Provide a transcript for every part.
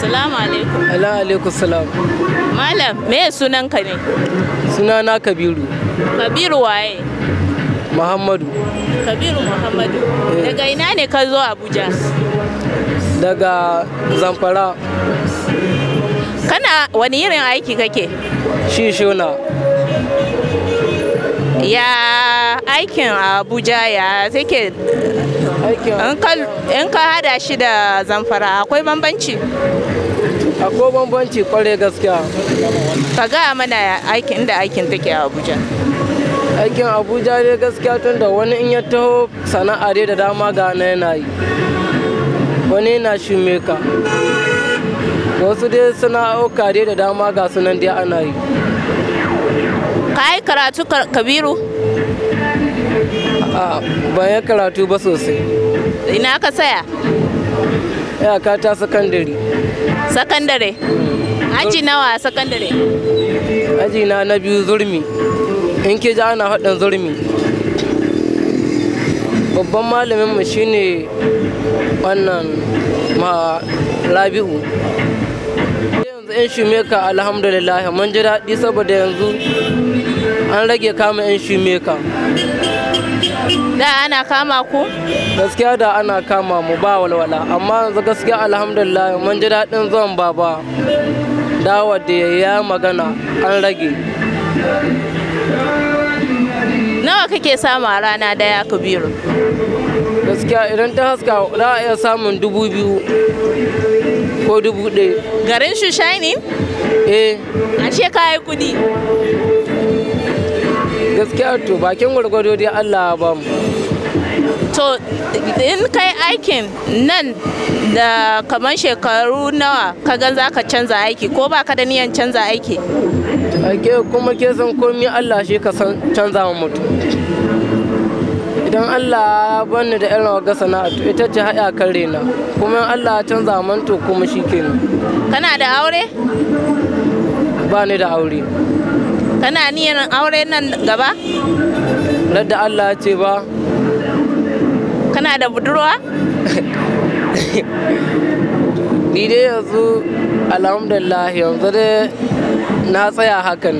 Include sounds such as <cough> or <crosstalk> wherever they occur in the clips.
Salamu alaikum. Ala alaikum salam. Malam, me sunan ka ne? Sunana Kabiru. Kabiru waye? Muhammadu. Kabiru Muhammadu. Eh. Daga ina ne ka zo Abuja? Daga Zamfara. Kana wani irin aiki kake? Shi shuna. Ya aikin a abuja ya take in ka hada shi da zamfara akwai bambanci akwai bambanci kwarai gaskiya ka ga mana aikin da aikin take a abuja aikin abuja ne gaskiya tun da wani in ya taho sana'a dai da dama ga na yana yi wani na shumeka wasu dai auka dai da dama ga sunan dai ana yi ka yi karatu kabiru Ah, ba ya karatu ba sosai ina ka saya ka ta sakandare sakandare mm. aji nawa sakandare aji na na biyu zurmi in ke ji ana haɗin zurmi babban malamin mu shine wannan ma rabi'u yanzu yan shumeka alhamdulillah mun ji daɗi saboda yanzu an rage kama yan shumeka da ana kama ku gaskiya da ana kama mu ba walwala amma yanzu gaskiya alhamdulillah mun ji daɗin zuwan baba dawa da ya magana an rage nawa kake samu a rana daya kabiru gaskiya idan ta haska za a iya samun dubu biyu ko dubu ɗaya garin shushai ne eh ashe kayi kudi gaskiya to bakin gwargwado dai Allah ba mu to in kai aikin nan da kamar shekaru nawa ka gan za ka canza aiki ko ba ka da niyan canza aiki ake kuma ke san komi Allah shi ka san canza wa mutum idan Allah bani da irin wa sana'a to ita ce haɗa kan rena kuma Allah canza man kuma shi kenan kana da aure ba ni da aure kana niyyar aure nan gaba da Allah ce ba kana da budurwa <laughs> ni dai yanzu alhamdulillah yanzu dai na tsaya hakan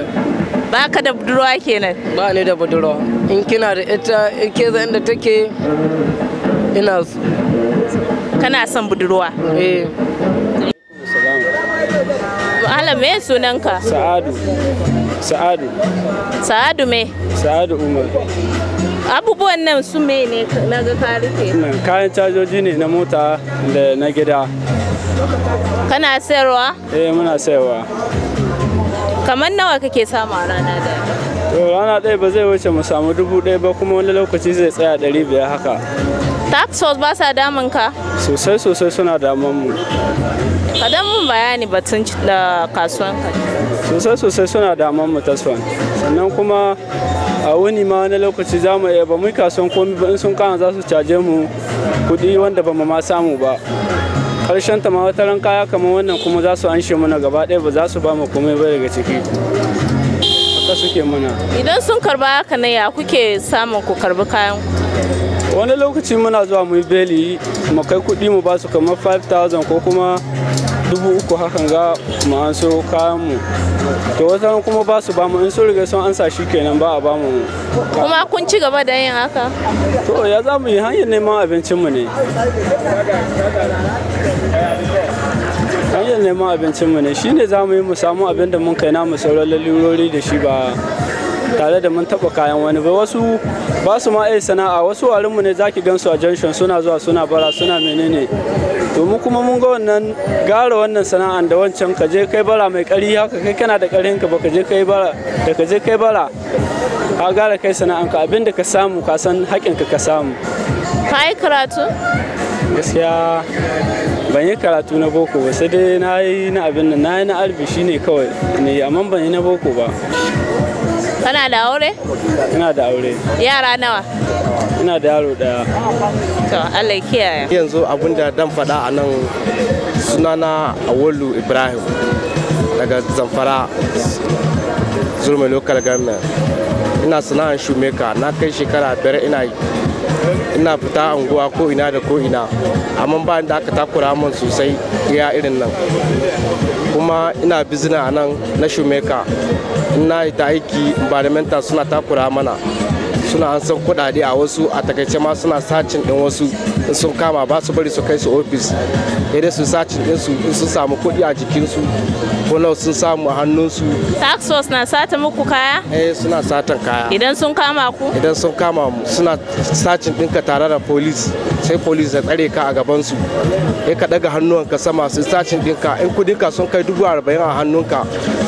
ba ka da budurwa kenan ba ni da budurwa in kina da ita in ke inda take ina kana son budurwa eh Allah me sunanka? Sa'adu. Sa'adu. Sa'adu me? Sa'adu Umar. Abubuwan nan su me ne na ga karfe. Kayan cajoji ne na mota da na gida. Kana sayarwa? Eh muna sayarwa. Kamar nawa kake samu a rana da? To rana ɗaya ba zai wuce mu samu dubu ɗaya ba kuma wani lokaci zai tsaya ɗari biyar haka. Tax ba sa damun ka? Sosai sosai suna damun mu. ka dan mun bayani batun da kasuwan sosai sosai suna damar mu taswan sannan kuma a wani ma wani lokaci za mu iya ba mu kasuwan komi ba in sun kama za su caje mu kuɗi wanda ba mu ma samu ba karshen ta ma wata kaya kamar wannan kuma za su anshe mana gaba ɗaya ba za su ba mu komai ba daga ciki haka suke mana idan sun karba haka ne ya kuke samun ku karbi kayan wani lokaci muna zuwa mu yi beli mu kai kuɗi mu ba su kamar 5000 ko kuma dubu uku hakan ga mu an so kayan mu to wata kuma ba su ba mu in sun riga sun ansa shi kenan ba a ba mu kuma kun ci gaba da yin haka to ya za mu yi hanyar neman abincin mu ne hanyar neman abincin mu ne shine za mu yi mu samu abin da mun kai na mu sauran lalurori da shi ba tare da mun taɓa kayan wani ba wasu ba su ma iya sana'a wasu warinmu ne zaki gansu a junction suna zuwa suna bara suna menene to mu kuma mun ga wannan gara wannan sana'an da wancan ka je kai bara mai kari haka kai kana da karin ka baka je kai bara da ka je kai bara ka gara kai sana'an ka abinda ka samu ka san haƙin ka ka samu ka yi karatu gaskiya ban yi karatu na boko ba sai dai na yi na abin nan na yi na albi shine kawai ne amma ban yi na boko ba Kana da aure? Ina da aure. Yara nawa? Ina da yaro daya. To Allah kiyaye. Yanzu abunda dan faɗa a nan sunana Awolu Ibrahim daga Zamfara Zurmi Local Government. Ina sana'ar shumeka na kai shekara biyar ina ina fita anguwa ko ina da ko ina amma bayan da aka takura min sosai ya irin nan kuma ina bizina a nan na shumeka na yi ta aiki environmental suna takura mana suna an san kuɗaɗe a wasu a takaice ma suna sacin ɗin wasu in sun kama ba su bari su kai su ofis idan su sacin ɗin su in sun samu kuɗi a jikinsu ko nawa sun samu a hannunsu. tax force na sata muku kaya? eh suna satan kaya. idan sun kama ku? idan sun kama mu suna sacin ɗinka tare da police sai police ya tsare ka a gabansu ya ka daga hannuwanka sama su sacin ɗinka in ka sun kai dubu arba'in a hannunka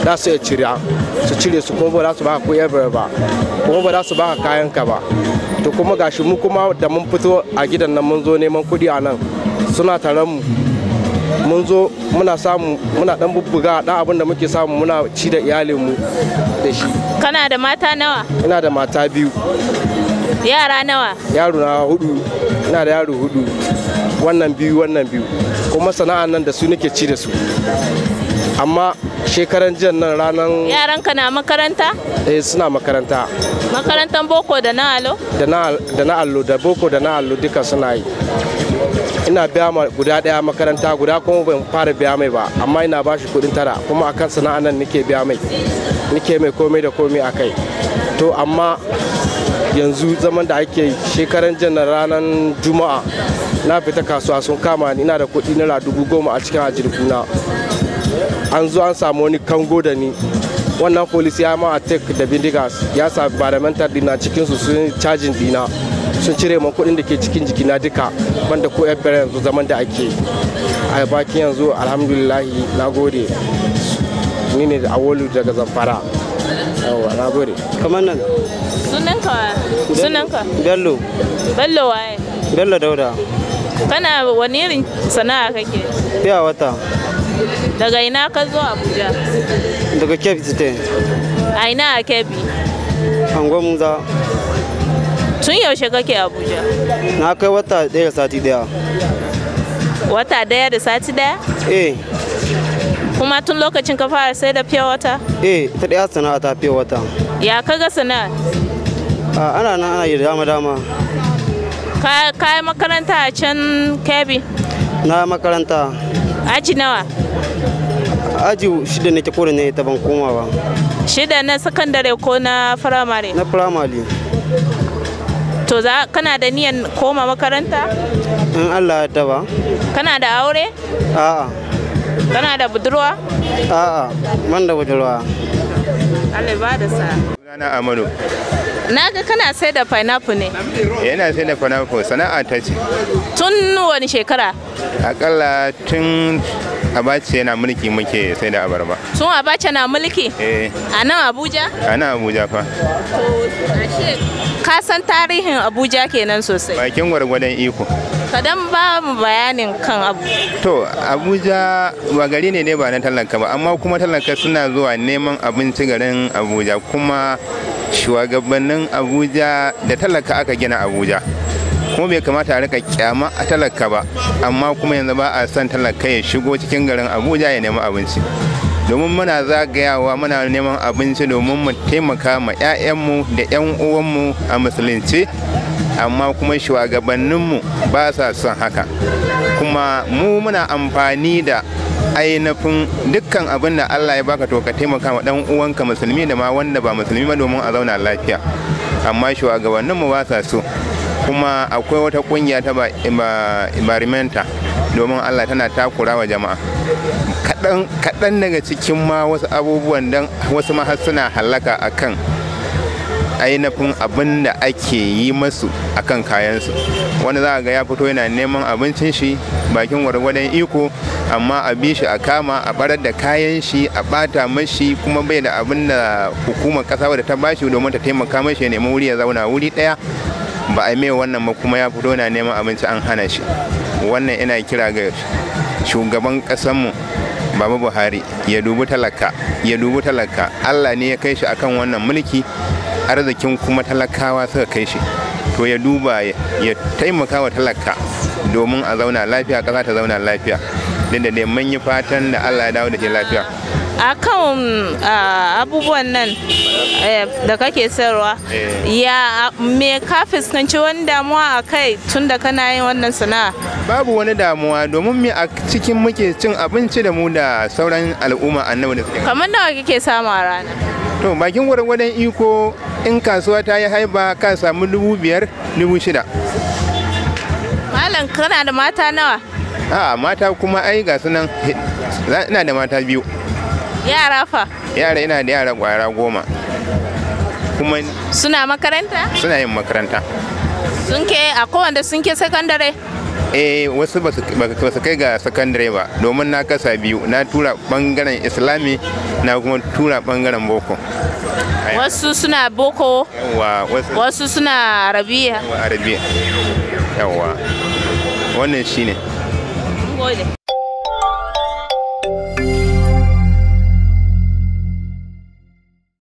za su iya cire su cire su kuma ba za su baka ko ba kuma ba za su ba kayan ka ba to kuma gashi mu kuma da mun fito a gidan nan mun zo neman kuɗi a nan suna taron mu mun zo muna samu muna dan bubbuga dan abin da muke samu muna ci da iyalin mu da shi kana da mata nawa ina da mata biyu yara nawa yaro na hudu ina da yaro hudu wannan biyu wannan biyu kuma sana'an nan da su nake ci da su amma shekaran jiya nan ranar yaran ka na makaranta eh suna makaranta makarantan boko da na allo da na allo da boko da na allo duka suna yi ina biya ma guda daya makaranta guda kuma ban fara biya mai ba amma ina ba shi kudin tara kuma akan sana'a nan nake biya mai nake mai komai da komai a kai to amma yanzu zaman da ake shekaran jan ranar juma'a na fita kasuwa sun kama ni ina da kuɗi na dubu goma a cikin na. an zo an samu wani kango da ni wannan polis ya ma attack da bindigas ya sa environmental dina cikin su sun cajin dina sun cire man kuɗin da ke cikin jikina duka banda ko ebere yanzu zaman da ake a bakin yanzu alhamdulillah na gode ni ne da awolu daga zamfara yawa na gode kamar nan sunanka sunanka bello bello waye bello dauda kana wani irin sana'a kake fiya wata Daga ina ka zo Abuja? Daga Kebbi State. A ina a Kebbi? Angon Musa. Tun yaushe kake Abuja? Na kai wata ɗaya da sati ɗaya. Wata ɗaya da sati ɗaya? Eh. Kuma tun lokacin ka fara sai da fiye wata? Eh, ta ɗaya sana'a ta fiye wata. Ya ka ga sana'a? Ana nan ana yi dama-dama. Ka yi makaranta a can Kebbi? Na makaranta. aji nawa aji shida ne ta kore ne ta ban koma ba shida na sakandare ko na firamare na firamare to za kana da niyan koma makaranta in allah ya taba kana da aure a'a kana da budurwa a'a man da budurwa allah ba da sa na amanu Na ga kana sai da pineapple ne. Yana eh, sai da pineapple sana'a ta ce. Tun wani shekara? Akalla tun Abace yana mulki muke sai da abarba. Tun Abace na mulki? Eh. A nan Abuja? A nan Abuja fa. Ka san tarihin Abuja kenan sosai. Bakin gwargwadon iko. Kadan ba mu bayanin kan abu. To Abuja ba gari ne ne ba na talaka ba amma kuma talaka suna zuwa neman abinci garin Abuja kuma shugabannin abuja da talaka aka gina abuja kuma bai kamata a rika kyama a talaka ba amma kuma yanzu ba a son talaka ya shigo cikin garin abuja ya nemi abinci domin muna zagayawa muna neman abinci domin mu taimaka ma 'ya'yanmu da 'yan uwanmu a musulunci amma kuma shugabanninmu ba sa son haka kuma mu muna amfani da ainihin dukkan abin da Allah ya baka to ka taimaka wa dan uwanka musulmi da ma wanda ba musulmi ba domin a zauna lafiya amma shugabannin mu ba sa so kuma akwai wata kungiya ta ba environmental domin Allah tana takura wa jama'a kaɗan daga cikin ma wasu abubuwan dan wasu mahassuna halaka akan ainihin abin da ake yi masu akan kayansu wani za a ga ya fito yana neman abincin shi bakin gwargwadon iko amma a bi shi a kama a barar da kayan shi a bata mashi kuma bai da abin da hukumar kasa wadda ta bashi domin ta taimaka mashi ya nemi wuri ya zauna wuri daya ba a mai wannan ba kuma ya fito yana neman abinci an hana shi wannan ina kira ga shugaban kasanmu Baba Buhari ya dubi talaka ya dubi talaka Allah ne ya kai shi akan wannan mulki arzikin kuma talakawa suka kai shi to ya duba ya taimaka wa talaka domin a zauna lafiya ƙasa ta zauna lafiya da ne mun yi fatan da Allah ya dawo da ke lafiya A kan abubuwan nan eh, da kake sayarwa eh. ya me ka fuskanci wani damuwa a kai tun da kana yin wannan sana'a babu wani damuwa domin me a cikin muke cin abinci da mu da sauran al'umma annabi da suke kamar nawa kike samu a rana to bakin gwargwadon iko in kasuwa ta yi haiba ka samu dubu biyar dubu shida malam kana da mata nawa a mata kuma ai ga sunan ina da mata biyu yara fa yara ina da yara gwara goma kuma suna makaranta suna yin makaranta sun ke a kowanda sun ke sakandare eh wasu ba su kai ga sakandare ba domin na kasa biyu na tura bangaren islami na kuma tura bangaren boko wasu suna boko wasu suna arabiya arabiya yawa wannan shine